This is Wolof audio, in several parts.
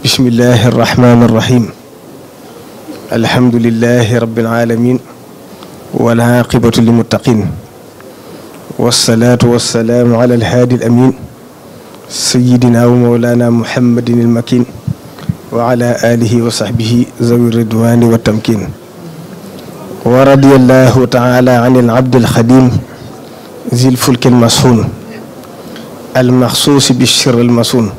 bismillahi arrahmani irrahim alhamdulilahi rabilalamin walaqibatu lilmuttaqin walsalaatu walsalaamu ala alhaadi alamin sayidina wa mawlana muhammadin almakin wa ala alihi wa sahbihi zawi ridwani wa tamkin wa radiallahu taala an alabdi alxadim zi lfulki almasxun almaxsuusi bichir almasun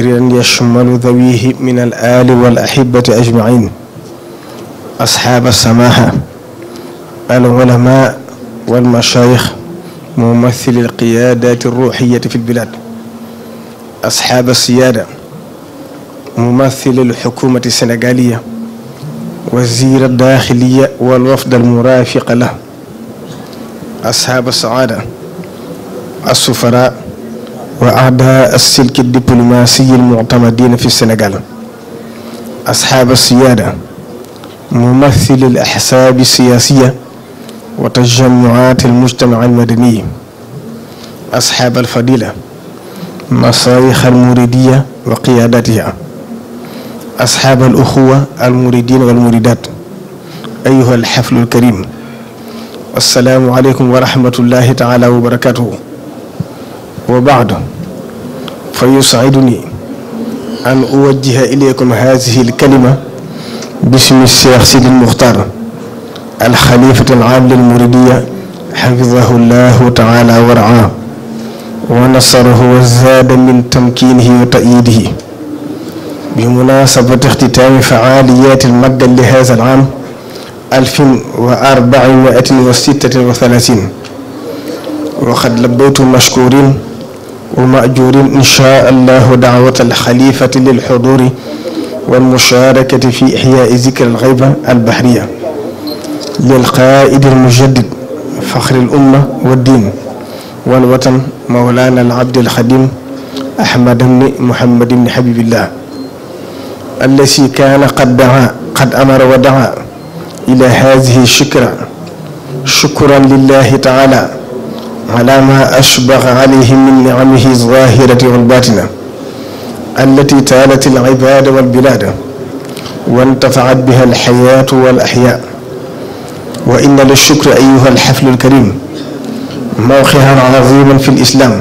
ren yashmalu dawihi min al aali wal ahibati ajmain asxaaba samaha al ulama wal mashayikh mumathili al qiyadati ruuxiyati fi lbilad asxaaba siyaada mumathili al xukumati sénégaliya wazira daaxiliya wal wafd al murafiqa lah asxaaba saada asufara wa ahda as-silki diplomaasi al-mu'tamadin fi Sénégal asxaab as-siyaada mumathili al-ahsaab as-siyaasiya wa tajammu'aat al-mujtama' al-madani asxaab al-fadila masaayix al-muridiya wa qiyaadatiha asxaab al-uxuwa al-muridin wal-muridaat ayyuha al-xaflu al-karim assalaamu aleykum wa rahmatullahi taala wa barakatuhu wa baadu fa yusaiduni an uwajjiha ilaykum hadihi alkalima bismi cheikh sidil muxtar alxalifati alaamil almuridiya xafidahu llahu taala wa raa wa nasarahu wa zaada min tamkinihi wa tayidihi بمناسبة اختتام فعاليات المادة لهذا العام 1436 وقد لبيتم مشكورين wa maajurin inchaa allahu daawat alxalifati lilxuduri walmusharakati fi ixyaai zikr alxayba albahriya lilqaaidi almujaddid faxri alumma waddin walwatan mawlana alabdi alxadim ahmad bni muhammad bni habibillah allazi kaana qad daa qad amara wa daa ila hadihi shikra shukran lillahi taala على ما أشبع عليه من نعمه الظاهرة والباطنة التي تالت العباد والبلاد وانتفعت بها الحياة والأحياء وإن للشكر أيها الحفل الكريم موقعا عظيما في الإسلام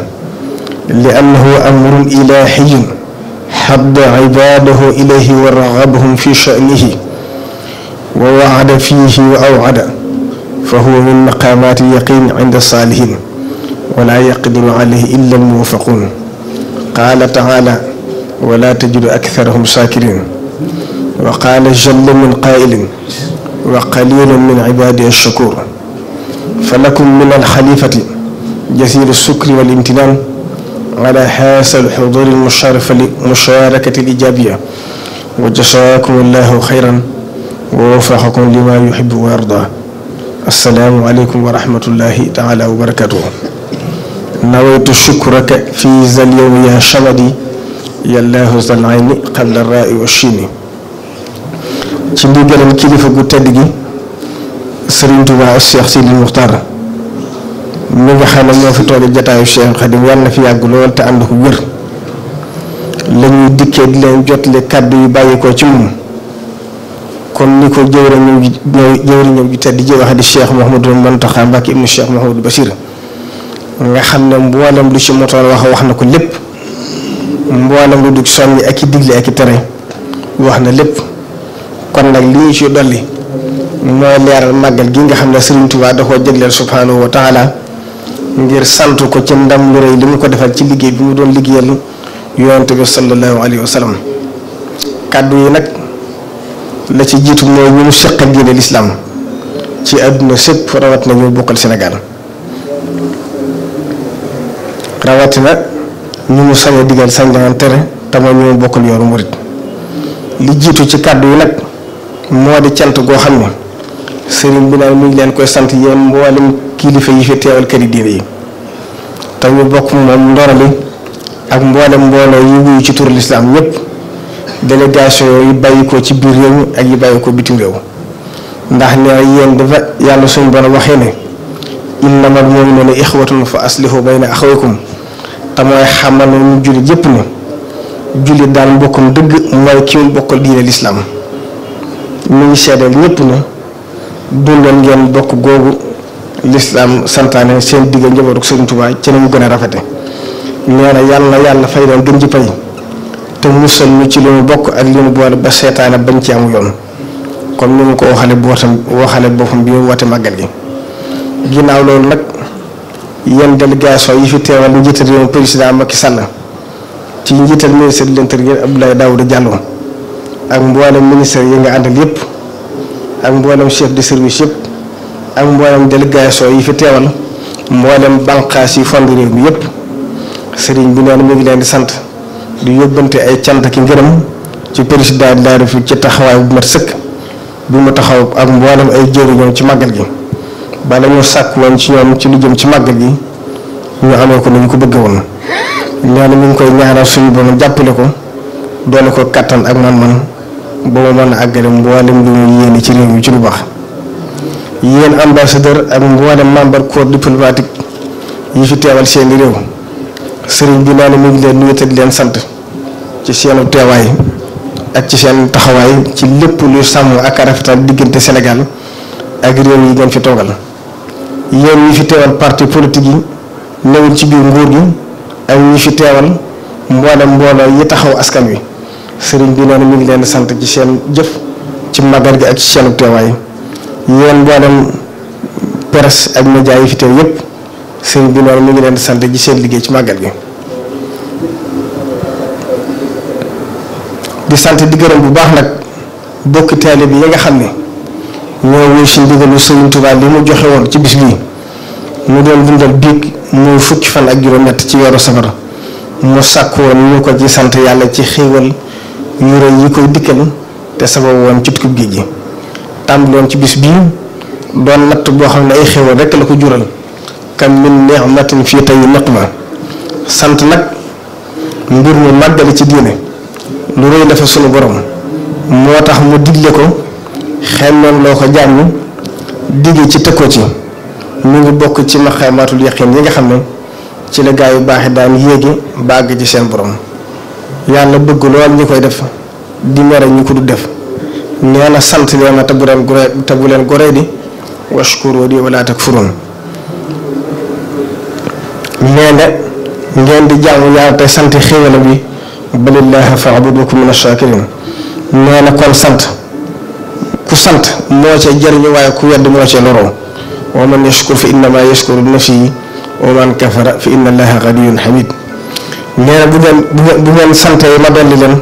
لأنه أمر إلهي حض عباده إليه ورغبهم في شأنه ووعد فيه وأوعد فهو من مقامات اليقين عند الصالحين wala yaqdiru alayhi illa almuwafaquun qaala taala wala tajidu aktharahum shakirin wa qaala jalla min qaa'ilin wa qalilun min ibaadiya ash-shakuur falakum min alxalifati jasiiru sukri wal imtinaan ala haasa alxuduuri almushaarakati alijaabiyya wa jasaakum allahu xayran wa waffaqakum limaa yuhibbu wa yardaa assalaamu aleykum wa rahmatullahi taala wa barakaatuhu nawaytu shukraka fi zal yawmi ya shamadi yallaahu zal xam qabla raai wa chini ci ndigalam kilifa gu tedd gi Sëriñ Tuubaa Cheikh Sidi Muxtaar mi nga xam ne moo fi toog jataayu Cheikh Xadim yàlla na fi yàgg lool te ànd ko wér la ñuy dikkee di leen jotle kàddu yu bàyyi ko ci moom kon ni ko jëwriñam ji jëwriñam ji tedd ji wax di Cheikh Mouhamadou Mountakha Mbacké ibnu Cheikh Mouhamadou Bachir nga xam ne mboolem lu ci motoon wax wax na ko lépp mboolem lu dug soññ ak i digle ak i tere wax na lépp kon nag li ñu ci dolli mooy leeral màggal gi nga xam ne Sëriñ Tuubaa da koo jagleel subhaanahu wa ngir sant ko ci ndam lu rëy li mu ko defal ci liggéey bi mu doon liggéeyal yonent bi sallallahu alayhi wa kàddu yi nag la ci jiitu mooy ñu mu seqal diine lislaam ci àdduna sëpp rawat na ñu bokkal senegal rawatina ñu mu sañ a digal sañ la tere te mooy ñu mu bokkal yoonu murit li jiitu ci kàddu yi nag moo di cant goo xam ne sëriñ bi naa mu ngi leen koy sant yéen mboolem kilifa yi fi teewal këri diine yi te ñu bokk moom ndorali ak mboolem mbooloo yi wuyu ci turu lislaam ñëpp délégation yi bàyyi ko ci biir réew mi ak yi bàyyi ko bitim réew ndax nee yéen dafa yàlla suñu borom waxee ne innamal mu'minuuna ixwatun fa aslihu bayna axawaykum te mooy xamaloon ñu jullit yépp ni jullit daal mbokkum dëgg mooy ki mu bokkal diine lislaam mu ngi seedeel ñépp ni dundal ngeen bokk googu lislaam santaane seen digga njabootu Sëriñ Tuubaa ci ni mu gën a rafete nee na yàlla na yàlla fay leen gën ci pay te musal ñu ci li mu bokk ak li mu boole ba seetaane bañ ci am yoon kon ni mu ko waxale bootam waxale boppam bi mu woote màggal gi ginnaaw loolu nag yenn délégation yi fi teewal njiital réew président Macky Sall ci njiital ministre de l'intérieur Abdoulaye Daouda Diallo ak mboolem ministère yi nga àndal yëpp ak mboolem chef de service yëpp ak mboolem délégation yi fi teewal mboolem banqaas yi fond réew mi yëpp sëriñ bi noonu mu ngi leen di sant di yóbbante ay cant ki ngërëm ci président de la République ci taxawaay bu mat sëkk bi mu taxaw ak mboolem ay jëriñoom ci màggal gi. ba dañoo sàkk woon ci ñoom ci lu jëm ci màggal gi ñu amee ko nañu ko bëgg woon nee na mi ngi koy ñaanal suñu borom jàppale ko doole ko kàttan ak man-man ba mu a àggale mboolem lu mu yéene ci réew mi ci lu baax yéen ambassadeur ak mboolem membre corps diplomatique yi fi teewal seeni réew sëriñ bi nee na ngi leen nuyu te leen sant ci seenu teewaay ak ci seen taxawaay ci lépp luy sàmm ak rafetal diggante Sénégal ak réew yi ngeen fi toogal. yéen ñi fi teewal parti politique yi newul ci biir nguur gi ak ñi fi teewal mboolem mbooloo yi taxaw askan wi sëriñ bi noonu mi ngi leen sant ci seen jëf ci magal gi ak ci seenu teewaay yéen mboolem presse ak média yi fi teew yëpp sëriñ bi noonu mi ngi leen sant ci seen liggéey ci magal gi. di sant di gërëm bu baax nag bokki taalibe yi nga xam ni ñoo wuy si ndigalu Sëriñ Tuubaa bi mu joxe woon ci bis bii mu doon dundal biig muy fukki fan ak juróom-ñett ci weeru safar mu sàkk woon ñu ko ci sant yàlla ci xéewal yu rëy yi koy dikkal te sabab woon ci tukkib géej gi tàmbaloon ci bis bii doon natt boo xam ne ay xéewal rekk la ko jural kam min ni'matin fii tey niqma sant nag mbir mu màggale ci diine lu rëy dafa sunu boroom moo tax mu digle ko xelloon loo ko jàmm digg ci tëkkoo ci mu ngi bokk ci maxamaatul yaqin yi nga xam ne ci la gaa yu baax daan yéegi bàgg ci seen borom yàlla bëgg lool ñu koy def di mere ñu ko du def nee na sant leen na te bu leen goree te bu leen goree di washkuru di wala ngeen di jaamu yàlla sant xéwala bi balillaahi fa'budu wa kunu mina shaakiriin kon sant. ku sant moo ca jariñu waaye ku wedd moo ca loroo wa man yashkur fa innama yashkuru nafsihi wa man kafara fa inna allaha ganiyyun hamid bu ngeen bu ngeen bu ngeen santee ma dolli leen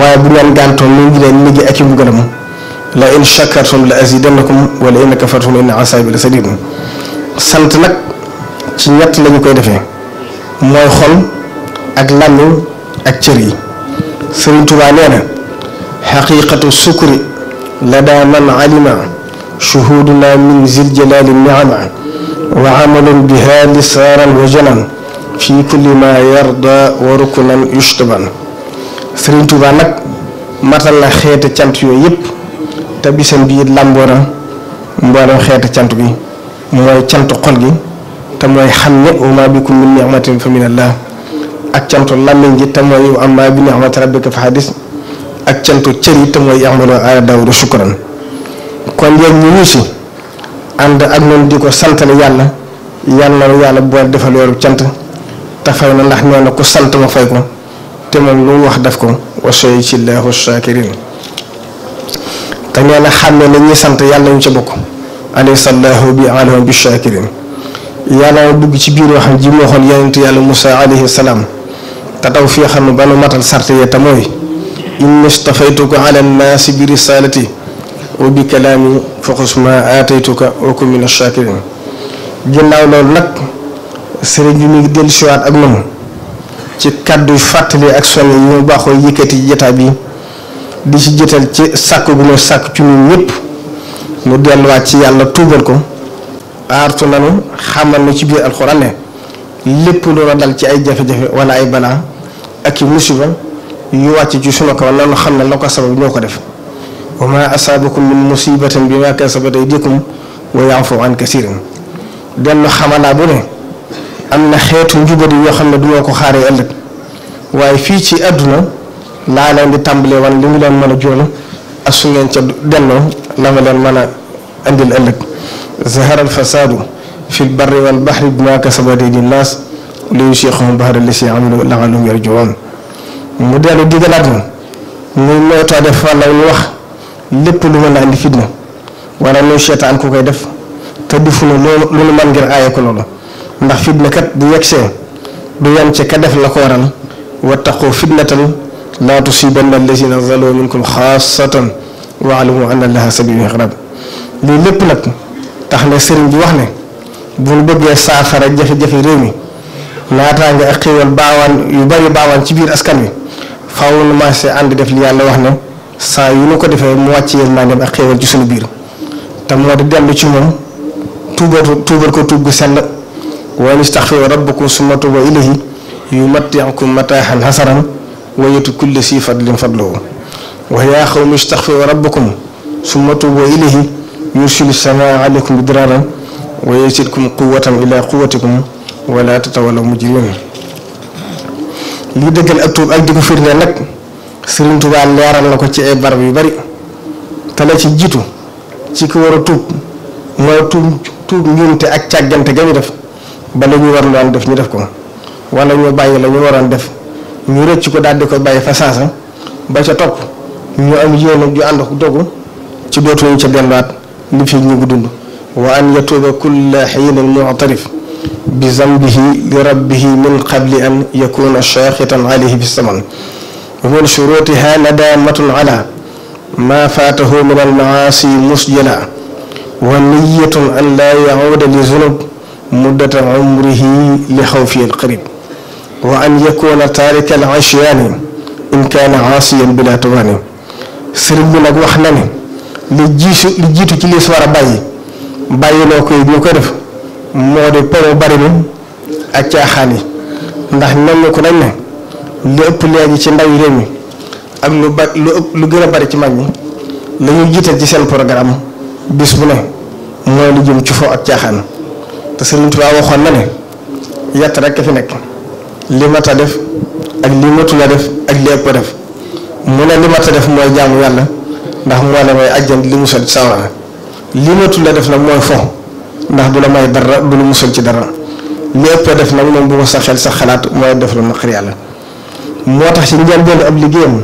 waaye bu ngeen gàntoo mu ngi leen liggéey ak i mbugalam la in shakartum la azidannakum wala in kafartum inna asabi la sadid sant nag ci ñett la ñu koy defee mooy xol ak làmmiñ ak cër yi Sëriñ Tuubaa nee لدى من علم شهودنا من ذي الجلال النعمة وعمل بها لسارا وجلا في كل ما يرضى وركنا يشتبا Sëriñ Tuuba nag matal na xeeti cant yooy yëpp te bisam bii làmboo na mboolem cant bi mooy cant xol gi te mooy xam ne wa maa bikum min ni'matin fa minallah ak cantu làmmiñ gi te mooy wa ammaa bi ni'mati fa hadis ak cantu cër yi te mooy ya'malu aala Daawuda shukran kon yéen ñu ngi si ànd ak noonu di ko santale yàlla yàlla na yàlla boole defal yoolu cant te fay na ndax nee na ku sant ma fay ko te moom lu mu wax def ko wa sayajzillaahu shaakiriin te nee na xam ne na ñuy sant yàlla ñu ci bokk alaysa llaahu bi a'lamu bi shaakiriin yàlla na dugg ci biir waxam ji moo xool yonent yàlla Moussa alayhi salaam te taw fii xam ne ba nu matal sart yee te mooy inni si ala nnaasi bi risalati wa bi kalaami fa xus ma aataytuka wa kun mina shakirin ginnaaw loolu nag sëriñ bi mi ngi dellu ak noonu ci kàddu fàttali ak soññ yi mu baaxoo yëkkati jotaay bi di ci jëtal ci sàkk gu ñu sàkk ci ñun ñëpp mu delluwaat ci yàlla tuubal ko aartu nanu xamal nu ci biir alxuraan lépp loola dal ci ay jafe-jafe wala ay balaa ak i musiba yu wàcc ci sunu kaw nanu xam ne la ko sabab ñoo ko def wa ma asaabakum min bi ma kasabat aydikum wa yaafu an kasirin dellu xamalaa bu ne na xeetu njubadi yoo xam ne du ko xaaree ëllëg waaye fii ci àdduna laa leen di tàmbalee wan li mu leen mën a joona ak su ngeen ca delloo la ma leen mën a andil ëllëg zahara al fasaadu fi lbarri wal bahri bima kasabat aydi nnaas li yusiqahum bahra lisi amilu la'allahum yarji'un mu dellu digalaat ñu muy moytoo def walla ñu wax lépp lu mën a indi fitna walla muy seetaan ko koy def te na loolu lu nu mën ngir aaye ko loolu ndax fitna kat bu yegsee du yem ci ka def la ko waral wattaqu fitnatan laa tusibanna allazina zalamu minkum xaasatan waalamu anna allaha sabiilul iqraab lii lépp nag tax na sëriñ bi wax ne bu ñu bëggee saafara jafe-jafe réew mi naataange ak xéewal baawaan yu bari baawaan ci biir askan wi faaw nu maase ànd def li yàlla wax ne saa yu nu ko defee mu wàcc yërmandeem ak xéewal ci suñu biir te moo di dellu ci moom tuubatu tuubal ko tuub gu sell wa istaghfiru rabbakum summa tuubu ma yumatti'kum mataahan hasanan wa yu'ti kulla si fadlin fadlahu wa yaa qawmi istaghfiru rabbakum summa tuubu ilayhi yursilu samaa wa yazidkum quwwatan ila quwwatikum li dëggal ak tuub ak di ko firndeel nag Serigne Touba leeral na ko ci ay barab yu bari te la ci jiitu ci ki war a tuub mooy tuub tuub njuumte ak càggante ga def ba la war loon def ñu def ko wala ñu bàyyi la ñu waroon def ñu rëcc ko daal di ko bàyyi fa saasa ba ca topp ñu am yéene ju ànd ak dogu ci dootuñu ca delluwaat li fi ñu ko dund wa an yatuuba kulla xiinin mu'tarif bi zambihi li rabbihi min qabli an yakuna shaaxitan alayhi bi saman wa min shurutiha nadaamatun ala ma faatahu min almaasi musjala wa niyatun an laa yacuuda li zunub muddata cumrihi li xawfi alqarib wa an yakuna taarika alcasyaani in kaana caasiyan bila tuwaani sëriñ bi nag wax na ne li jiisu li jiitu ci liis war a bàyyi bàyyi loo koy ñu ko def moo di poro bari mi ak caaxaan yi ndax nañ ko nañ ne lu ëpp léegi ci ndaw réew mi ak lu ba lu ëpp lu gën a bari ci mag mi la ñu jiital ci seen programme bis bu ne mooy lu jëm ci fo ak caaxaan te Sëriñ waxoon na ne rek fi nekk li mat def ak li matula def ak li ëpp mu ne li mat a def mooy jaamu yàlla ndax moo ne mooy ajjan li mu sol ci sawara li matula def nag mooy fo ndax du la may dara du la musal ci dara li ëpp def nag moom bu sa xel sa xalaat mooy def la naqar yàlla moo tax ci njëlbéen ab liggéeyam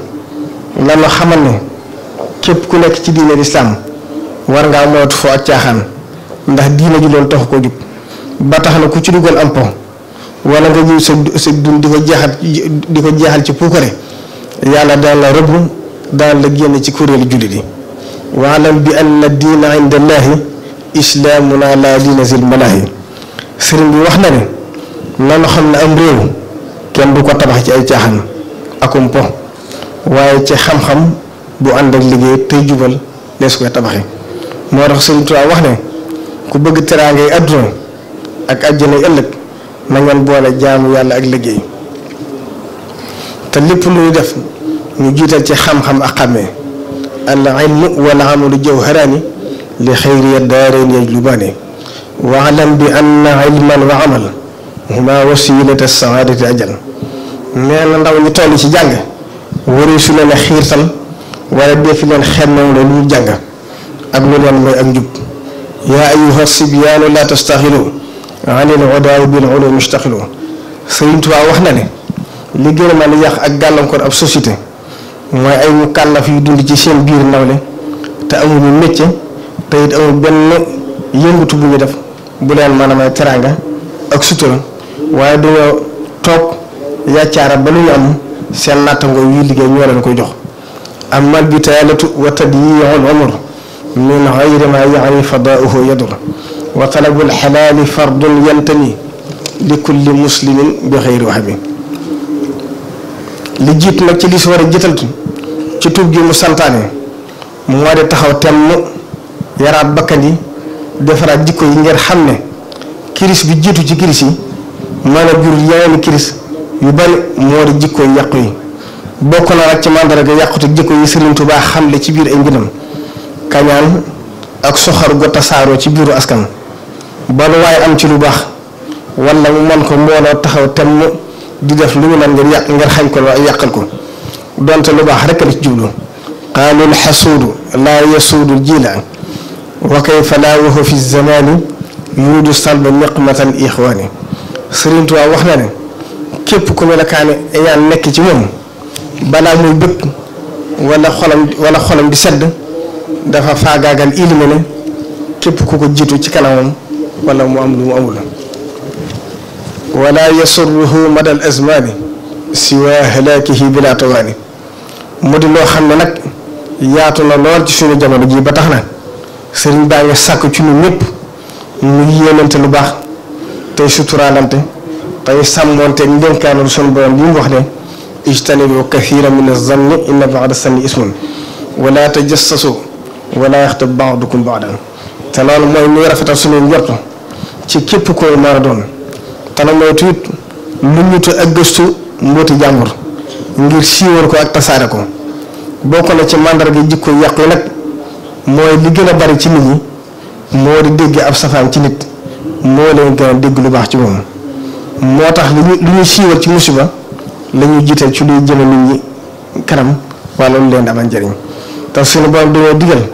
lan la xamal ne képp ku nekk ci diine lislaam war ngaa moytu foo ak ndax diine ji loolu taxu ko jub ba tax na ku ci dugal am po wala nga jiw sa sa dund di ko jeexal ci puukare yàlla daan la rëbb daan la génn ci kuréelu jullit yi waalam bi anna diina inda islaamuna laa diina zil malaahi sëriñ bi wax na ne nanu xam ne am réew kenn du ko tabax ci ay caaxaan akum po waaye ci xam-xam bu ànd ak liggéey tey jubal lees koy tabaxee moo tax sëriñ Tuubaa wax ne ku bëgg teraangay àdduna ak àjjana ëllëg na boole jaamu yàlla ak liggéey te lépp lu ñu def ñu jiital ci xam-xam ak xàmmee al ilmu wal amalu li xayri daareen yajlubaani wa alam bi anna ilman wa amal huma wasilata saadati ajal nee na ndaw ñi toll ci jàng waree su leen a xiirtal wala def leen xemmam la lu jàng ak lu leen mooy ak njub yaa ayuha sibyaanu laa tastaxilu an il odaaw wax na ne li gën a mën ak gàllankoor ab société mooy ay mu kàllaf yu dund ci seen biir nawle te amuñu métier. te it amul benn yëngatu bu ñu def bu leen maanaam teraanga ak sutura waaye dañoo toog yàccaara ba lu ñu am seen nattangoo yuy liggéey ñoo leen koy jox amal bi taalatu wa tadyiul umr min gayri ma yaani fadaauhu yadur wa talabul xalaali fardun yantani li kulli muslimin bi xayri wax bi li jiit nag ci li si war a jiital ci tuub gi mu santaane moo di taxaw temm yaraat bakkan yi defaraat jikko yi ngir xam ne kiris bi jiitu ci kiris yi mën a jur yeneen kiris yu bari moo di jikko yàqu yi bokk na nag ci màndarga yàqute jikko yi Sëriñ baax xam le ci biir ay mbindam kañaan ak soxar gu tasaaroo ci biiru askan ba lu waaye am ci lu baax wala mu man ko mbooloo taxaw temm di def lu ñu man ngir yàq ngir xañ ko ay yàqal ko donte lu baax rekk la ci jublu qaalul xasuudu laa yasuudu jiila wa kay fadaawahu fi zamani yuridu salba niqmatal ixwaani Sëriñ wax na ne képp ku melokaane añaan nekk ci moom balaa muy bëgg wala xolam wala xolam di sedd dafa faagaagal ilime ne képp ku ko jiitu ci kanamam wala mu am lu mu amul wala yasurruhu madal azmani nag yaatu na lool ci suñu jamono jii ba tax na sëriñ baa ngi sàkk ci ñun ñëpp ñu yéenante lu baax tey suturaalante tey sàmmoonteeg ndénkaanul sunu borom bi mu wax ne ijtanibu kathira min azanni inna baada sanni ismun wala tajassasu wala yaxtab baadukum baadan te loolu mooy muy rafetal suñu njort ci képp koo mara doon te nag mooy tuut lu ñutu ak gëstu mbooti jàmbur ngir siiwal ko ak tasaare ko bokk na ci màndarga jikko yàqu yi mooy li gën a bari ci nit ñi moo di dégg ab safaan ci nit moo leen gën a dégg lu baax ci moom moo tax lu ñu siiwal ci musiba la ñuy ci luy jëme nit ñi kanam wala lu leen di amal te suñu borom dañoo digal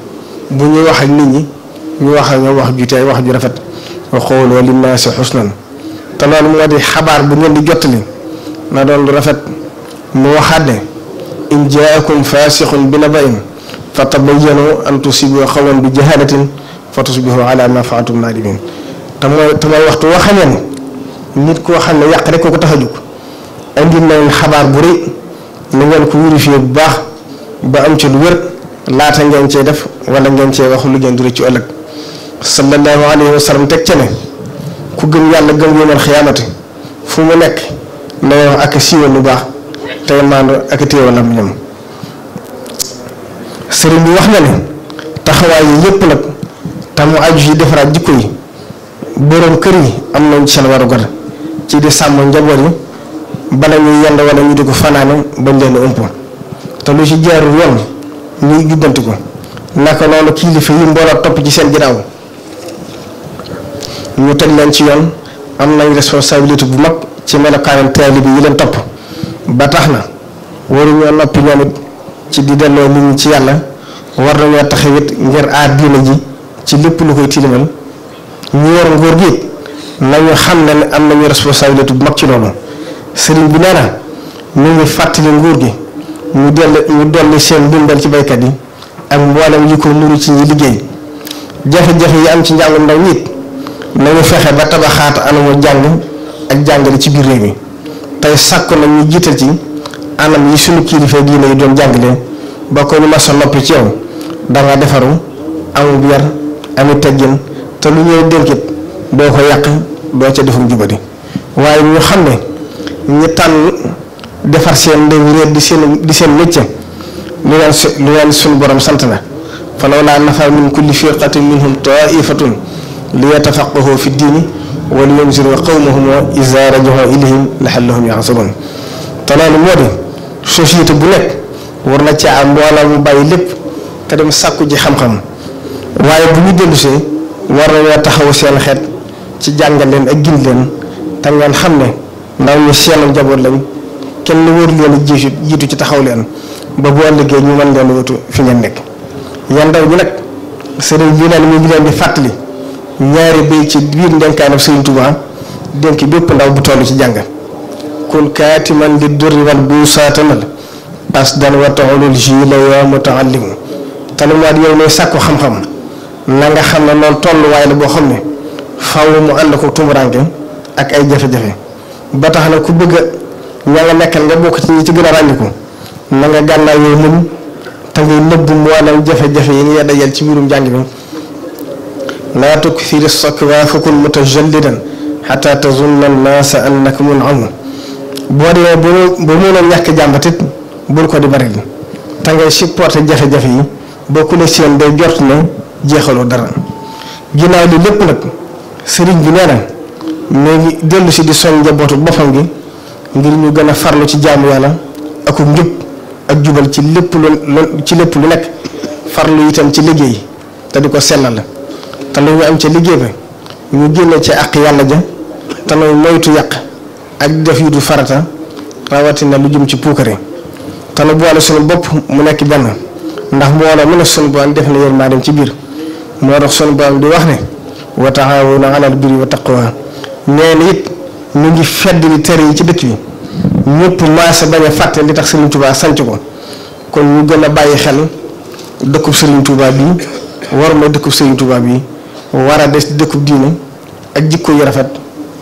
bu ñuy wax ak nit ñi ñu wax ak ñoom wax ju tey wax ju rafet wa qawlu linnaasi xusnan te loolu moo di xabaar bu ngeen di jottali na doon lu rafet mu waxaat ne in jaakum faasiqun bi nabain fa tabayyanu an tusibu qawman bi jahalatin fa a ala ma fa'altum nadimin te mooy te mooy waxtu woo xamee ne nit koo xam ne yàq rek ko ko tax a jóg indi na xabaar bu rëy ngeen ko vérifier bu baax ba am ci lu wér laata ngeen cee def wala ngeen cee wax lu ngeen di ci ëllëg sallallahu alayhi wa sallam teg ca ne ku gën yàlla gëm yoomal xiyaamati fu mu nekk na wax ak siiwal lu baax tey maandu ak téewal am ñoom sëriñ bi wax na ne taxawaay yi yëpp nag te mu aju defaraat jikko yi boroom kër yi am nañ seen warugar ci di sàmm njaboot yi bala ñuy yend wala ñu di ko fanaane bañ leen ëmp te lu ci jaarul yoon ñuy juddanti ko naka noonu kilifa yi mbooloo topp ci seen ginnaaw ñu teg leen ci yoon am nañ responsabilité bu mag ci melokaanam taalibe yi leen topp ba tax na waruñoo noppi ñoom it ci di delloo nit ñi ci yàlla war na nañoo taxawit ngir aar diine ji ci lépp lu koy tilimal ñu yor ngóor gi nañu xam ne ne am na nañu responsabilité bu mag ci loolu sëriñ bi nee na mu ngi fàttali nguur gi ñu dell ñu dolli seen dimbal ci baykat yi ak mboolem yi ko nuru ci ñi liggéey jafe-jafe yi am ci njàngum ndaw nit nañu fexe ba tabaxaat anamu jàng ak jàngale ci biir réew mi tey sàkku na ñu jiital ci anam yi sunu kilifa diine yi doon jàngale ba ko ñu mas a noppi ci yow danga defaru amub yar ami teggin te lu ñëw dénkit doo ko yàq doo ca defum jubadi waaye ñu xam ne ñi tànn defar seen ndëw réer di seen di seen mécce lu leen su lu sunu borom sant na fa lawlaa nafara min kulli firqatin minhum taifatun li yatafaqahu fi diini wa li yunziru qawmahum izaa rajahuu ilayhim laallahum yaxsabun te loolu moo di société bu nekk war na caa am mu bàyyi lépp te dem sàkku ji xam-xam waaye bu ñu dellusee war nañoo taxaw seen xeet ci jàngal leen ak gind leen te ngeen xam ne ndaw ñu seenu njaboot lañ kenn wër leen jiitu jiitu ci taxaw leen ba bu ëllëgee ñu mën leen wutu fi ngeen nekk yan ndaw ñi nag sëriñ bi naan mi ngi leen di fàttali ñaari bay ci biir ndenkaanam Sëriñ Tuubaa dénk bépp ndaw bu tollu ci jàng kun kaatiman li durri wal buusaatanal qasdan wa taxulul jiila yaa mutaallimu te lu maat yow ne sàkku xam-xam na nga xam ne noonu tolluwaay la boo xam ne faaw mu ànd ko tumuranke ak ay jafe-jafe ba tax na ku bëgg ña nga nekkal nga bokk ci ñi ci gën a ràññiku na nga gànnaay yooyu muñ te ngay nëbb mboolem jafe-jafe yi ngay dajal ci biirum njàng bi laa tukthiri sakwa fakun mutajallidan xataa tazunna annaasa annaka mun'amun boo demee bu bu mënoon ñàkk jàmbatit bul ko di bari te ngay supporté jafe-jafe yi boo ku ne seen day jeexaloo dara ginnaaw li lépp nag sëriñ bi nee na mu ngi dellu si di soñ njabootu boppam gi ngir ñu gën a farlu ci jaamu yàlla ak njub ak jubal ci lépp lu ci lépp lu nekk farlu itam ci liggéey te di ko sellal te lu ñu am ca liggéey ba ñu génne ci àq yàlla ja te nooy moytu yàq ak def yu du farata rawatina lu jëm ci puukare te nu boole sunu bopp mu nekk benn ndax mbooloo mu ne sunu borom def na maa dem ci biir moo tax sunu borom di wax ne wa taawanu alal birri wa taqwa nee na it ñu ngi fedd li tere yi ci dëkk bi ñëpp maase bañ fàtte li tax Serigne Touba sanc ko kon ñu gën a bàyyi xel dëkkub Serigne Touba bi war ma dëkkub Serigne Touba bi war a des dëkkub diine ak jikko yu rafet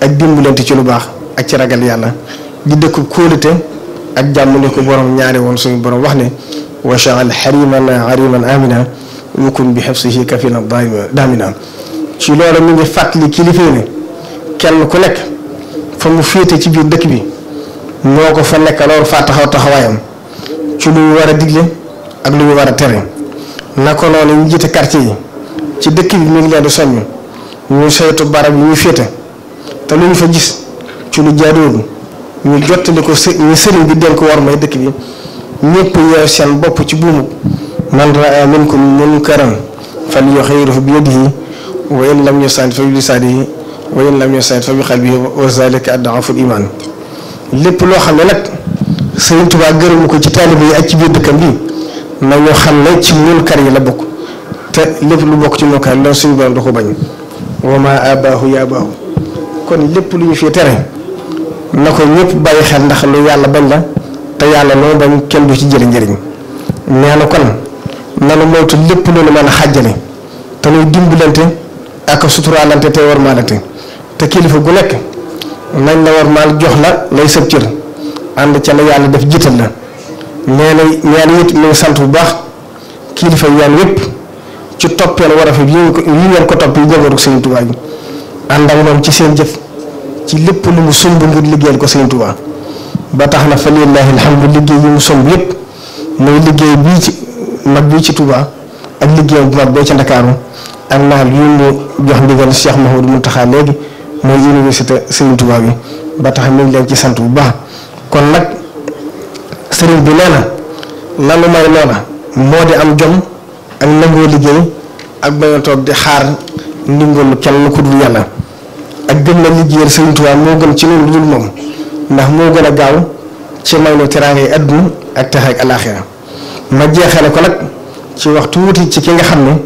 ak dimbalante ci lu baax. ak ci ragal yàlla di dëkku kóolute ak jàmm ni ko borom ñaari woon suñu borom wax ne wachaal xarimana ariman amina wukun bi xefsihi kafina damina ci loolu mi ngi fàttali kilifa yi ne kenn ku nekk fa mu féete ci biir dëkk bi moo ko fa nekk loolu faa taxaw taxawaayam ci lu ñu war a digle ak lu ñu war a tere naka noonu ñu jiite quartier yi ci dëkk bi mu ngi leen di soññ ñu saytu barab yi ñu féete te lu ñu fa gis ci lu jaadoolu ñu jottali ko së ñu sëriñ bi dénk war may dëkk bi ñëpp yeew seen bopp ci buumu man raa minkum munkaran falyughayyirhu bi yadihi wa in lam yastati' fa bi lisaanihi wa in lam yastati' fa bi qalbihi wa zalika ad'aful iman lépp loo xam ne nag Sëriñ Tuubaa gërëmu ko ci taalibe yi ak ci biir dëkkam bi na ñu xam ne ci munkar yi la bokk te lépp lu bokk ci munkar loolu suñu ko bañ wa maa abaahu yaa baahu kon lépp lu ñu fi tere na ko ñépp bàyyi xel ndax lu yàlla bañ la te yàlla loo bañ kenn du ci jëli njëriñ nee na kon nanu moytu lépp lu nu mën a xàjjale te nuy dimbalante ak suturaalante te warmaalante te kilifa gu nekk nañ la warmaal jox la lay sëb cër ànd ca la yàlla def jiital la nee na ñaan it ngi sant bu baax kilifa yoon yëpp ci toppeel war a fi yi ngeen ko topp yi jabaru Sëriñ Tuubaa bi ànd ak moom ci seen jëf ci lépp lu mu sumb ngir liggéeyal ko Sëriñ tubaa ba tax na fa lillaahi alhamdu liggéey yi mu sumb yépp mooy liggéey bii ci mag bii ci tubaa ak liggéey bu mag bee ci Ndakaaru ak naal yu mu jox ndigal Cheikh Mouhamadou Mountakha léegi mooy université Sëriñ tubaa bi ba tax mi ngi leen ci sant bu baax kon nag sëriñ bi nee na la lanu may loola moo di am jom ak nangoo liggéey ak bañ a toog di xaar ndimbalu kenn ko dul yàlla ak gëm la liggéeyal Sëriñ Tuubaa moo gën ci loolu dul moom ndax moo gën a gaaw ci may nu teraangay àdduna ak tax ak alaaxira ma jeexale ko nag ci wax tuuti ci ki nga xam ne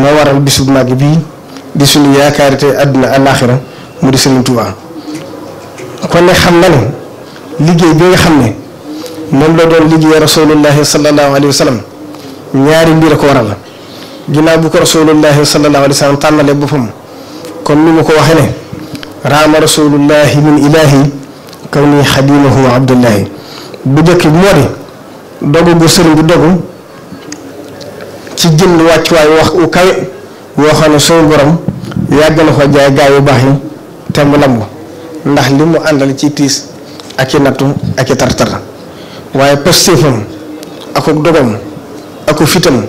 ma waral bisu màgg bii di suñu yaakaar te àdduna mu di Sëriñ Tuubaa kon ne xam na ne liggéey bi nga xam ne moom la doon liggéey rasulullahi sallallahu alayhi wa mbir a ko waral ginnaaw bu ko rasulullahi sallallahu alayhi tànnale boppam kon ni mu ko waxee ne raama rasulullahi min ilahi kaw nii xadimahu abdullahi bu njëkk bi moo di dogu bu sëriñ bi dogu ci jënd wàccuwaay wax kawe yoo xam ne suñu borom yàgg na ko jaay gaa baax yi te mu lamb ndax li mu àndal ci tiis ak i nattu ak i tartar waaye pastéefam aku dogam aku fitam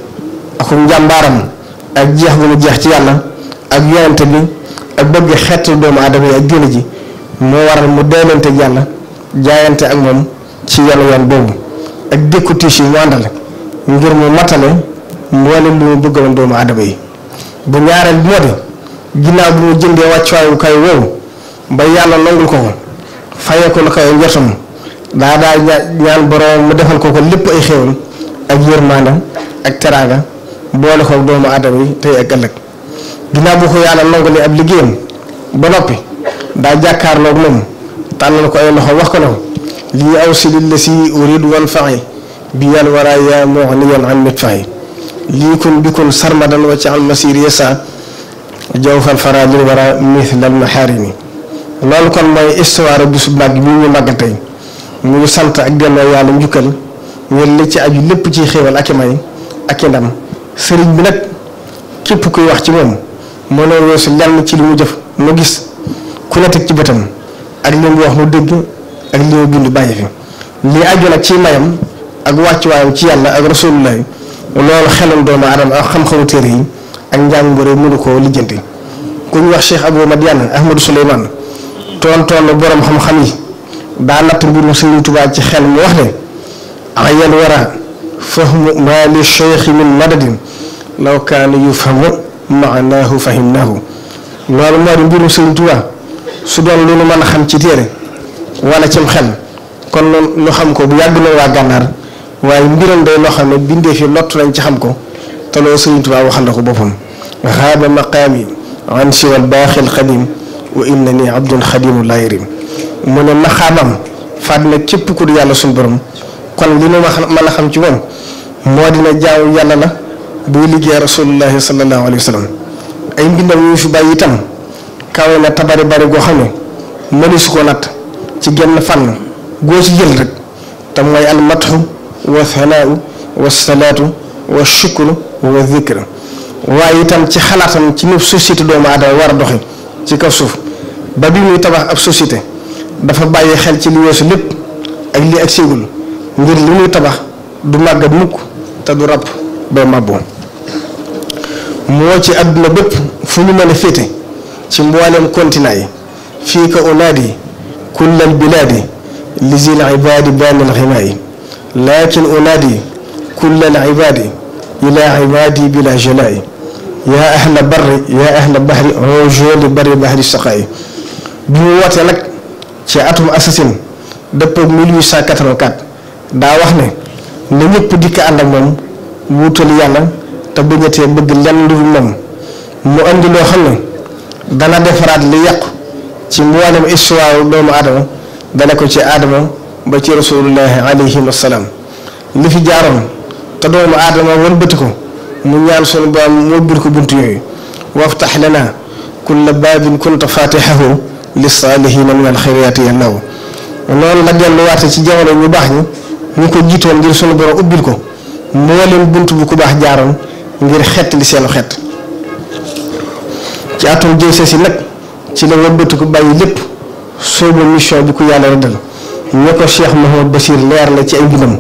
aku njàmbaaram ak jeex bu mu jeex ci yàlla ak yonente bi ak bëgg xeetu doomu aadama yi ak diine ji moo waral mu deenante yàlla jaayante ak moom ci yàlla yoon boobu ak dékku tiis yi mu àndale ngir mu matale mboolem lu mu bëgg woon doomu aadama yi bu ñaareel moo de ginnaaw bi mu jëndee wàccuwaayu kaw woowu ba yàlla nangul ko ko fayee ko lu kaw njortam daa daa ñaan borom mu defal ko ko lépp ay xéwal ak yërmande ak teraanga boole ko doomu aadama yi tey ak ëllëg ginnaaw bu ko yàlla nangalee ab liggéeyam ba noppi daa jàkkaarloog moom tànnal ko ay loxo wax ko ne lii aw si li la si uridu wan faxi bi yàlla war a yaa moo xam ne yoon am nit faxi ci al masir yesa jaw fal farajin a loolu kon mooy histoire bisu màgg bi ñu màgg tey ñu sant ak delloo yàlla njukkal ngir li ci aju lépp ci xéewal ak i may ak i ndam sëriñ bi nag képp kuy wax ci moom. mënoo weesu lenn ci li mu jëf mu gis ku ne teg ci bëtam ak li mu wax mu dégg ak li mu bind bàyyi fi lii aju ci mayam ak wàccuwaayam ci yàlla ak rasulullah loolu xelam doomu aadama ak xam-xamu téere yi ak njàngu réew mënu koo lijjanti ku ñu wax Cheikh Abou Madiane Ahmadou Souleymane toontoon na borom xam-xam yi daa natt mbirum Sëriñ Tuubaa ci xel mu wax ne ayal wara fahmu ma li cheikh min madadin law kaana yufhamu maanaahu fahimnaahu loolu moo di mbirum Sëriñ Tuubaa su doon lu nu mën a xam ci téere wala cim xel kon loolu lu xam ko bu yàgg na waa gànnaar waaye mbiram day loo xam ne bindee fi lottu nañ ci xam ko te loolu Sëriñ Tuubaa waxal ko boppam xaaba maqaami an siwal baaxil xadim wa inna ni abdun xadimu laa yarim mu ne ku du yàlla suñ borom kon li nu ma mën a xam ci moom moo dina jaaw yàlla la bu liggéey rasulullahi sallallahu alayhi wa sallam ay mbindam yu fi bàyyi itam kawe na tabari bari goo xam ne mënu ko natt ci genn fànn goo ci jël rek te mooy al matxu wa thanaau wa salaatu wa shukru waaye itam ci xalaatam ci nu société doomu aadama war a doxe ci kaw suuf ba bi muy tabax ak société dafa bàyyi xel ci li weesu lépp ak li ak séegul ngir li muy tabax du màggat mukk te du ràpp bay màbboo mu woo ci àdduna bépp fu ñu mën a féete ci mbooleem continent yi fii ka unaadi kullal bilaadi li zil ibaadi baanal ximaayi laakin unaadi kullal ibaadi ila ibaadi bila jalaayi yaa ahla barri yaa ahla bahri rojo li barri bahri saqaayi bi mu wootee nag ci atum assasine dëpp 1884 daa wax ne na ñëpp dikk ànd ak moom wuutal yàlla te bëggatee bëgg lenn lu moom mu indi loo xam ne dana defaraat li yàqu ci mboolem histoire doomu aadama dana ko ci aadama ba ci rasulullahi alayhi wa salaam li fi jaaroon te doomu aadama wëlbati ko mu ñaan sunu borom mu ubbil ko bunt yooyu waftax lana kulla baabin kunta fatixahu lisaalihina min alxayraati yàllaw loolu la delluwaate ci jamono ñu baax ñi ñu ko jiitoon ngir sunu borom ubbil ko mboolem bunt bi ku baax jaaroon ngir xett li seenu xet ci atum jëwse si nag ci la wëlbati ku bàyyi lépp soobu mission bi ku yàlla rëddal ñe ko Cheikh Mahmoud Bachir leer la ci ay bindam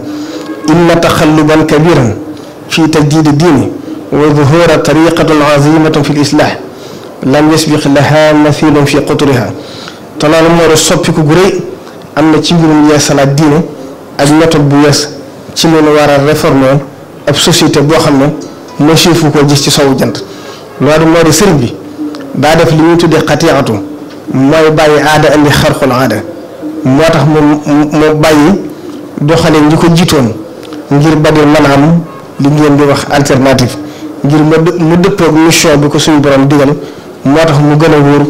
inna taxalluban kabiran fii tajdiidi diini wa zuhuura tariqatun azimatun fi lislaax lam yasbiq laha mathilun fi quturiha te loolu moo di soppiku am na ci mbirum yeesalaat diine ak méthode bu yees ci loolu war a réformer ab société boo xam ne ma suufu ko gis ci sowu jant loolu moo di sëriñ bi daa def li ñuy tuddee xatiyaatu mooy bàyyi aada indi xarxul aada moo tax mu mu bàyyi doxalee ñi ko jiitoon ngir ba di mën a am li ngeen di wax alternative ngir mu dëppoog mission bi ko suñu borom digal moo tax mu gën a wóor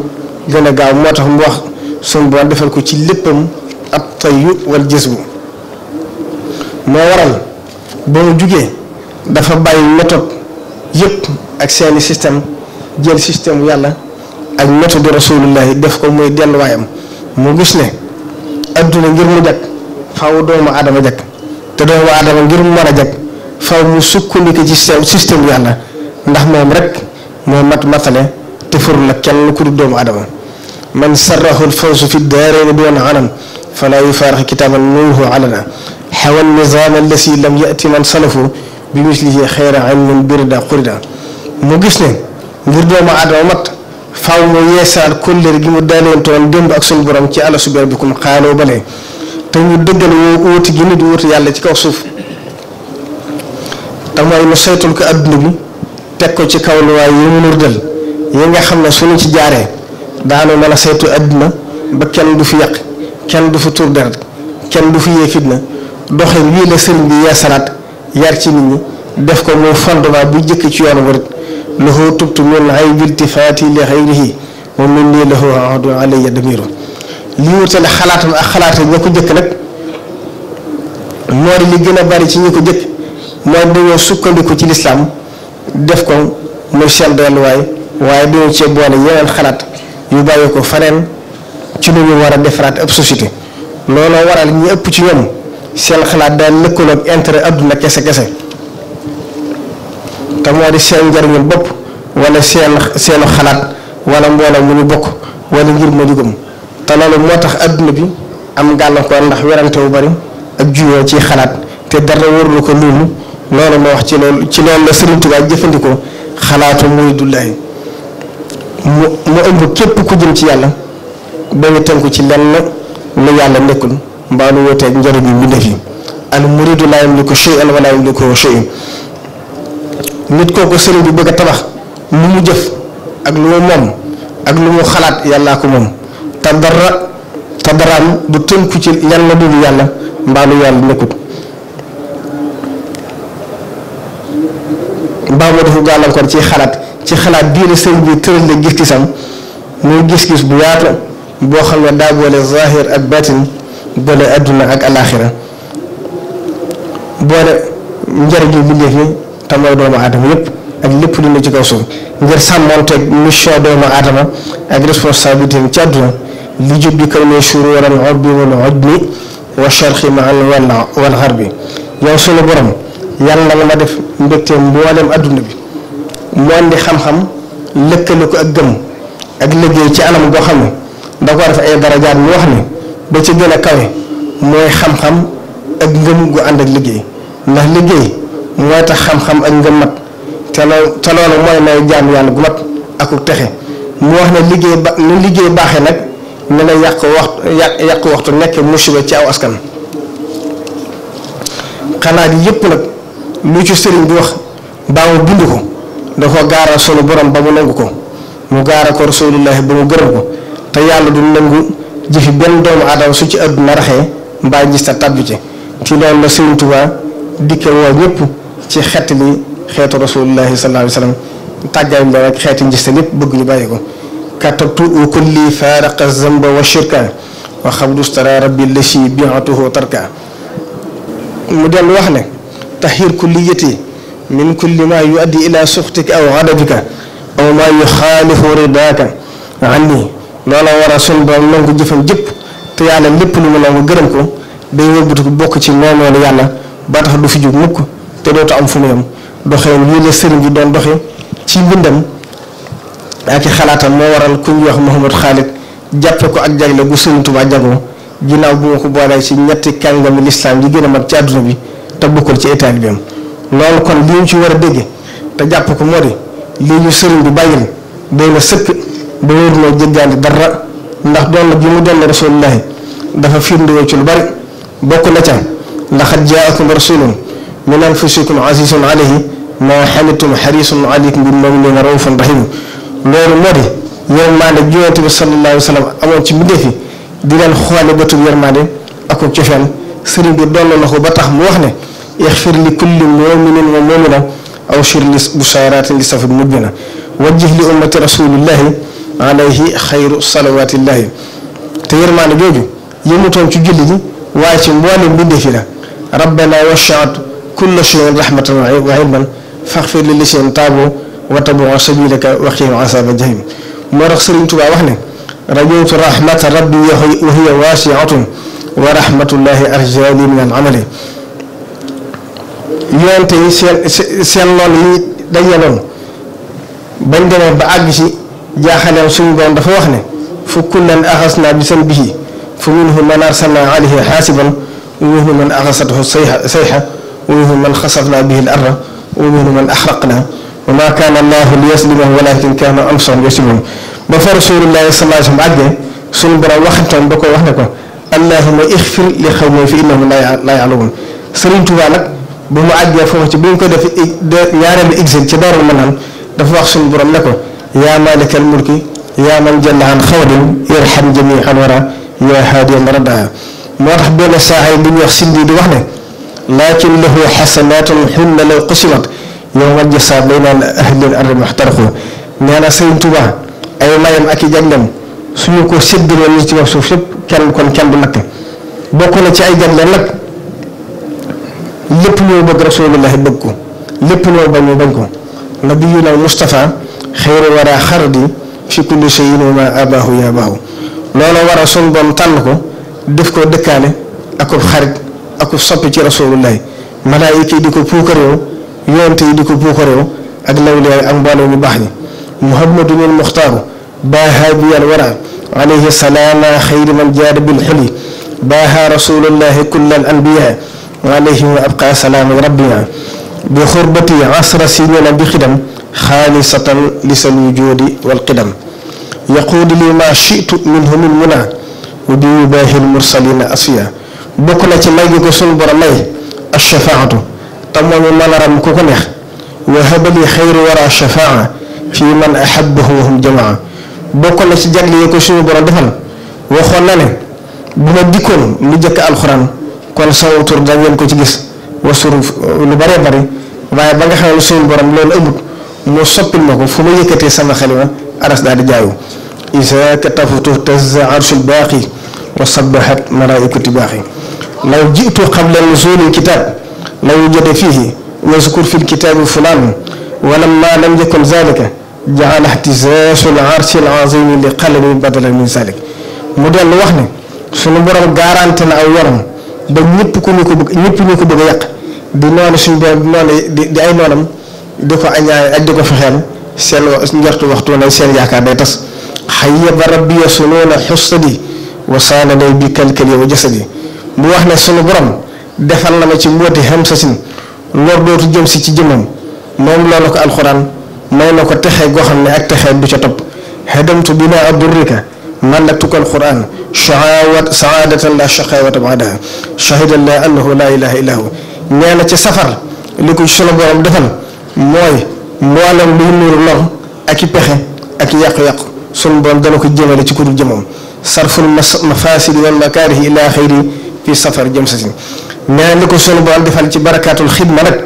gën a gaaw moo tax mu wax suñu borom defal ko ci léppam at tayyu wal jës bu moo waral ba mu jugee dafa bàyyi méthode yëpp ak seeni système jël système yàlla ak méthode rasulullahi def ko muy delluwaayam mu gis ne adduna ngir mu jag faaw doomu adama jag te doomu aadama ngir mu mën a jag faaw mu sukkandiku ci système yàlla ndax moom rek moo mat matale te furul na kenn ku du doomu aadama man sarrahu al fawzu fi daarayni bi anam falaa yufaariqu kitaaban minhu alana xawa nizaam allasi lam yati man salafu bi mislihi xayra ilmin birida qurida mu gis ne ngir doomu aadama mat faaw mu yeesaan kóllëre gi mu daalentoon démb ak ci alastu bi rabbikum qaaluu balaa te ñu dëggal woo gi nit wuti yàlla ci kaw suuf te mooy nu saytul ko adduna bi teg ko ci kaw luwaay yi mu nurdal yi nga xam ne suñu ci jaaree daanu mën a saytu adduna ba kenn du fi yàq kenn du fa tuur deret kenn du fa yee fitna doxin wii la sëriñ bi yeesalaat yar ci nit ñi def ko muy fondement bu jëkk ci yoonu murit lahu tubtu min ay biltifaati li xayrihi wa min nii lahu ahdu alayya damiru li wutale xalaatam ak xalaata nag moori li gën a bari ci ñi ko jëkk mooy dañoo sukkandiku ci lislaam def ko muy seen delluwaay waaye dañoo cee boole yeneen xalaat yu bàyyi ko faneen ci lu war a defaraat ak société looloo waral ñu ëpp ci ñoom seen xalaat daan lëkkaloog intérêt adduna kese kese te moo di seen njariñul bopp wala seen seenu xalaat wala mbooloo mu ñu bokk wala ngir ma dugum te loolu moo tax àdduna bi am gàllankoor ndax werante wu bari ak juyoo ci xalaat te dara warul ko luulu loolu ma wax ci loolu ci loolu la jëfandikoo xalaatu muy dullaay mu mu ëmb képp ku jëm ci yàlla. dañu tënku ci lenn lu yàlla nekkul mbaa lu wuteeg njëriñ bi mbindéef yi al muridu laa yamliku shay'an wa laa yamliku shay'un nit kooku sëriñ bi bëgg a tabax lu mu jëf ak lu mu moom ak lu mu xalaat yàllaa ko moom te dara te tënku ci lenn lu dul yàlla mbaa lu yàlla nekkul mbaa moo dafa gàllankoor ci xalaat ci xalaat diine sëriñ bi tëral la gis-gisam muy gis-gis bu yaatu boo xam ne daa boole zahir ak batin boole àdduna ak alaaxira boole njëriñu bindéef yi te mooy doomu aadama yëpp ak lépp lu ne ci kaw suuf ngir sàmmanteeg mission doomu aadama ak responsabilité am ci adduna li jub kaw ne shuruuran urbi wal udni wa sharqi bi an wal xarbi yow borom yàlla na ma def mbégteem mboolem adduna bi mu andi xam-xam lëkkale ak gëm ak liggéey ci anam boo xam ne. da ko def ay darajaat mu wax ni ba ci gën a kawe mooy xam-xam ak ngëm gu ànd ak liggéey ndax liggéey mooy tax xam-xam ak ngëm mat te loo te loolu mooy may jaam yàlla gu mat akuk texe mu wax ne liggéey ba nag ne na yàq waxtu yàq yàq waxtu nekk musiba ci aw askan xalaat yépp nag lu ci sëriñ bi wax baamu bind ko da ko gaaral sunu borom ba mu nangu ko mu gaaral ko rasuulullahi ba mu gërëm ko te yàlla du nangu jëfi benn doomu aadama su ci àdduna raxee mbaa gis ta tàbbi ci ci loolu la Sëriñ Tuubaa dikke woo ñëpp ci xeet li xeetu rasulullahi sallallahu alayhi wa sallam tàggaay bi xeeti njiste lépp bëgg ñu bàyyi ko kattabtu u kulli faaraqa zamba wa shirka wa xabdustara wax ne tahir kulliyati min kulli ma yuaddi ila suxtika aw xadabika aw ma yuxaalifu ridaaka anni loola waral sunu borom nangu ko jëfam jëpp te yàlla lépp lu mu nangu gërëm ko day wëlbatu bokk ci noonu yàlla ba du fi jug te dootu am fu mu yem doxeen yii la doon doxe ci mbindam ak i xalaatam moo waral ku ñuy wax Mouhamadou Khalid jàppe ko ak jagle gu Sëriñ Tuubaa jagoo ginnaaw bu ma ko boolee ci ñetti kàngami lislaam yi gën a mag ci àdduna bi te bokkul ci état bi am loolu kon li ñu ci war a dégg te jàpp ko moo di lii ñu sëriñ bi bàyyil day na sëkk ba wóoruloo jéggaani dara ndax doon na bi mu doon rasulullahi dafa firndewoo ci lu bari bokk na ca laqad jaakum rasulun min anfusikum azizun alayhi ma xanitum xarisun alaykum bil muminina raufun rahim loolu moo di yërmande juwante bi sallallahu alayhi wa sallam amoon ci mbindeef yi di leen xoole bëtub yërmande ak cofeel sëriñ bi doon na ko ba tax mu wax ne ixfir li kulli muminin wa mumina aw shir li busharatin li safid mubina wajjih li ummati rasulillahi alayhi xayru salawatillahi te yërmaane jooju yëmutoon ci julli ji waaye ci mboolem bindee fi la rabbana wasi'ta kulla shay'in rahmatan wa ilman faghfir lillazina taabu wa tabi'u sabilaka wa qihim azaba jahim moo tax Sëriñ Tuubaa wax ne rajawtu rahmata rabbi wa hiya wasi'atun wa rahmatullahi arjaa li min al amali yoonte yi seen seen lool yi dajaloon bañ demee ba àgg si jaaxaleem suñu borom dafa wax ne fu kullan axasna bi seen bihi fa minhum man arsalna alayhi xaasiban wa minhum man axasathu sayxa sayxa wa minhum man xasafna bihi al arda wa minhum man axraqna wa ma kaana allahu li yaslimahum walakin kaanu anfusahum yaslimun ba fa rasulullahi sallallahu alayhi wa sallam àggee suñu borom waxantoon da koy wax ne ko allahuma ixfir li xawmi fa innahum laa yaalamun Sëriñ Tuubaa nag ba mu àggee foofu ci bu ñu ko def ñaareelu exil ci daarul manaan dafa wax suñu borom ne ko yaa maalikal mulki yaa man jalla an xawdin irham jamii al wara yaa haadiyan raddaa moo tax benn saaxay bu ñuy wax sindi di wax ne laakin lahu xasanaatun hunna law qusimat yowma jasaa bayna ahlil ardi muxtaraqu nee na Sëriñ Tuuba ay mayam ak i jaglem suñu ko séddalee ñi ci wax suuf yëpp kenn kon kenn du natt bokk na ci ay jaglem nag lépp loo bëgg rasulullah bëgg ko lépp loo bañ bañ ko nabiyuna Mustafa xëyru war a xardi fi kulli shay'in wa ma abaahu yabaahu loolu war a sun boom tànn ko def ko dëkkaale akub xarit akub soppi ci rasulullahi malaayika yi di ko puukaroo yonte yi di ko puukaroo ak lawliyaay ak mboolem ñu baax ñi muhammadun al muxtaaru baaha bi al wara alayhi salaama xayri man jaada bil xuli baaha rasulullahi kull al anbiya alayhim wa abqa salaama rabbina bi xurbati asra sinina bi xidam xaalisatan lisal wujuudi wal qidam yaquudu li ma shitu minhum il muna wa bi yubaahi mursalina asiya bokk na ci may gi ko sunu borom may ashafaatu te moom ma mën ku ko neex wa habali xayru wara shafaa fi man ahabbahu wa jamaa bokk na ci jagle yi ko sunu borom defal waxoon na ne bu ma dikkoon lu jëkk alxuraan kon sama tur da ngeen ko ci gis wasu lu bëree bëri waaye ba nga xam ne sunu borom loolu amut. mu soppil ma ko fu ma yëkkatee sama xalima aras daal di jaayu isa katafatu tazza arshul baaqi wa sabbahat malaikatu baaqi law jiitu qabla nuzulil kitab law wujada fihi yazkur fil kitabi fulan walamma lam yakun zalika jaala ihtizaasul arshil azimi li qalami badala min zalik mu dellu wax ne sunu borom garanti na aw yoram ba ñëpp ku ñu ko bëgg ñëpp ñu ko bëgg a yàq di noonu suñu borom di noonu di ay noonam di ko añaay ak di ko fexeel seen njortu waxtu ne seen yaakaar day tas xayya ba rabbi ya sunuuna xustadi wa saana day bi kalkali wa jasadi mu wax ne sunu borom defal na ma ci mbooti xam sa sin lor dootu jëm si ci jëmmam moom loolu ko alxuraan may na ko texe goo xam ne ak texe du ca topp xedamtu bi naa abdurrika ملكتك القرآن شعاوة سعادة لا شقاوة بعدها شهد الله أنه لا إله إلا هو نانا سفر لكل شنو بورم دفن mooy mboolem luy nuur lor ak i pexe ak i yàqu-yàqu sunu borom dana ko jëmale ci kuréel jëmmam sarful mafasid na makaarihi ila xayri fi safar jëm sa si nee li ko sunu borom defal ci barakaatul xidma nag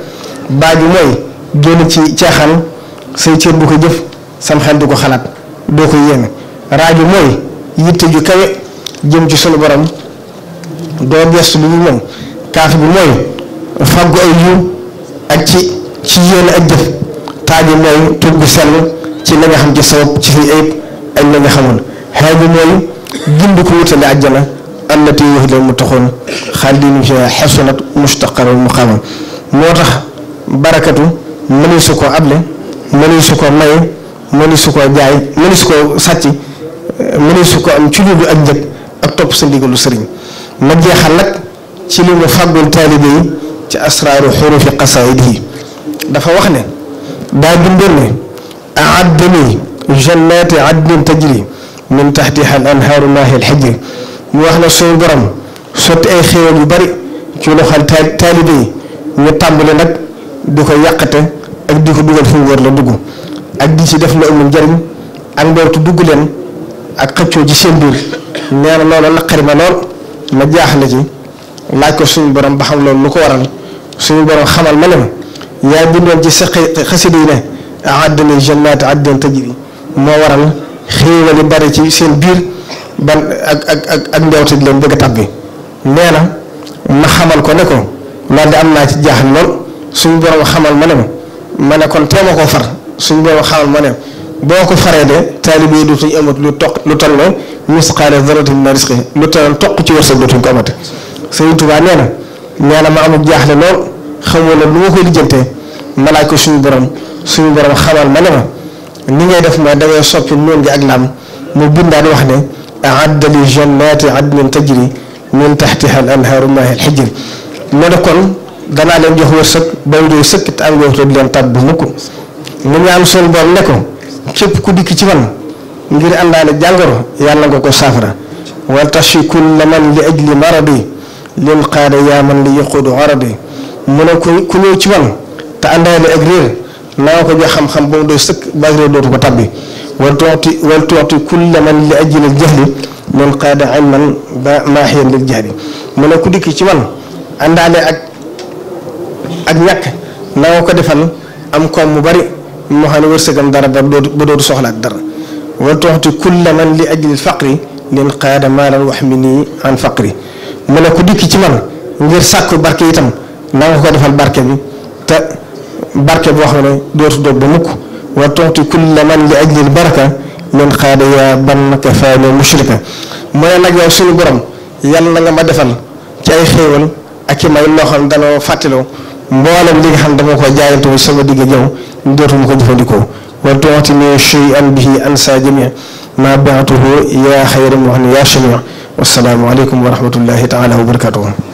baaju mooy ci caaxaan say ko jëf sam ko xalaat doo ko yéene raaju mooy yitte ju kawe jëm ci sunu borom doo gestu lu ñu moom kaaf bi mooy fàggu ay yiw ak ci. ci yéen ak jëf taaji mooy tur gu sell ci la nga xam ci sabab ci suñu ayib ak la nga xamoon xaaji mooy gindi ko wutale àjjana allati yuhdal mu taxoon xaalidin fiha xasunat mustaqarran muqaama moo tax barakatu mënu su ko able mënu su ko maye mënu su ko jaay mënu su ko sàcc mënu su ko am ci lu ak njëkk ak topp sa ndigalu sëriñ ma jeexal nag ci li mu fàggul taalibe yi ci asraaru xurufi xasaayid yi dafa wax ne daa bindal ne aadda nii jannaati adnin tajri min taxtiha al anhaaru maahi al xijri mu wax ne suñu borom sotti ay xéewal yu bari ci loxal taalibe yi ñu tàmbali nag di ko yàqate ak di ko dugal fu wër la dugg ak di ci def la amul njariñ ak ndortu dugg leen ak xëccoo ci seen biir nee na loolu naqari ma lool ma jaaxle ci laaj ko suñu borom ba xam loolu lu ko waral suñu borom xamal ma ne yaa bindoon ci sa xasida yi ne ahaddna jannaati addin tajri moo waral xéewal yi bari ci seen biir ban ak ak ak ak njawte di leen bëgg a tàbbi nee na ma xamal ko ne ko de am naa ci jaaxal lool suñ borom xamal ma ne ma ma ne kon teema koo far suñ borom xamal ma ne boo ko faree de taalibe yi dootuñ amat lu toq lu toll ne misqaala daratin min risqi lu toll toq ci wërsëg dootuñ ko amate Sëriñ Tuubaa nee na nee na ma amul jaaxle xamoo la lu ma koy lijjantee ma laaj ko suñu borom suñu borom xamal ma ne ma def ma da soppi noon gi ak laam mu bindaan ne aadda li jannati adnin tajri min taxtiha al anhaaru maahi al xijr ne na kon danaa leen jox wërsëg ba mu doy leen tàbb bu mukk ni ñu am suñu borom ko képp ku dikk ci man ngir àndaale jàngoro yàlla nga ko saafara wa tashfi kulla man li ajli maradi lil qaada yaa man li yaqudu aradi mu ne ku ku ci man te àndaale ak réer naa ko jox xam-xam ba mu doy sëkk ba ak réer dootu ko tabbi wal tuuti wal kulla man li ajjina jahli ba maaxiyan lil jahli mu ne ku dikk ci man àndaale ak ak ñàkk naa ko defal am koom mu bari moo xam ne wërsëgam dara ba dootu soxla dara wal tuuti kulla man li ajli faqri lin qaada maalan wax mi nii an faqri mu ne ku dikk ci man ngir sàkku barke itam. na nga ko defal barke bi te barke boo xam ne dootu dog ba mukk wa tuuti kulla man li ajli baraka min xaada yaa ban kafaani mushrika mu ne nag yow suñu borom yàlla na ma defal ci ay xéewal ak ci may loo xam ne danoo fàttaloo mboolem li nga xam dama ko jaayante sama digg jaww dootuma ko jëfandikoo wa tuutini shay'an bihi ansa jamia ma baatuhu yaa xayra muhni yaa shamia wasalaamu aleykum wa rahmatullahi taala wa barakatuhu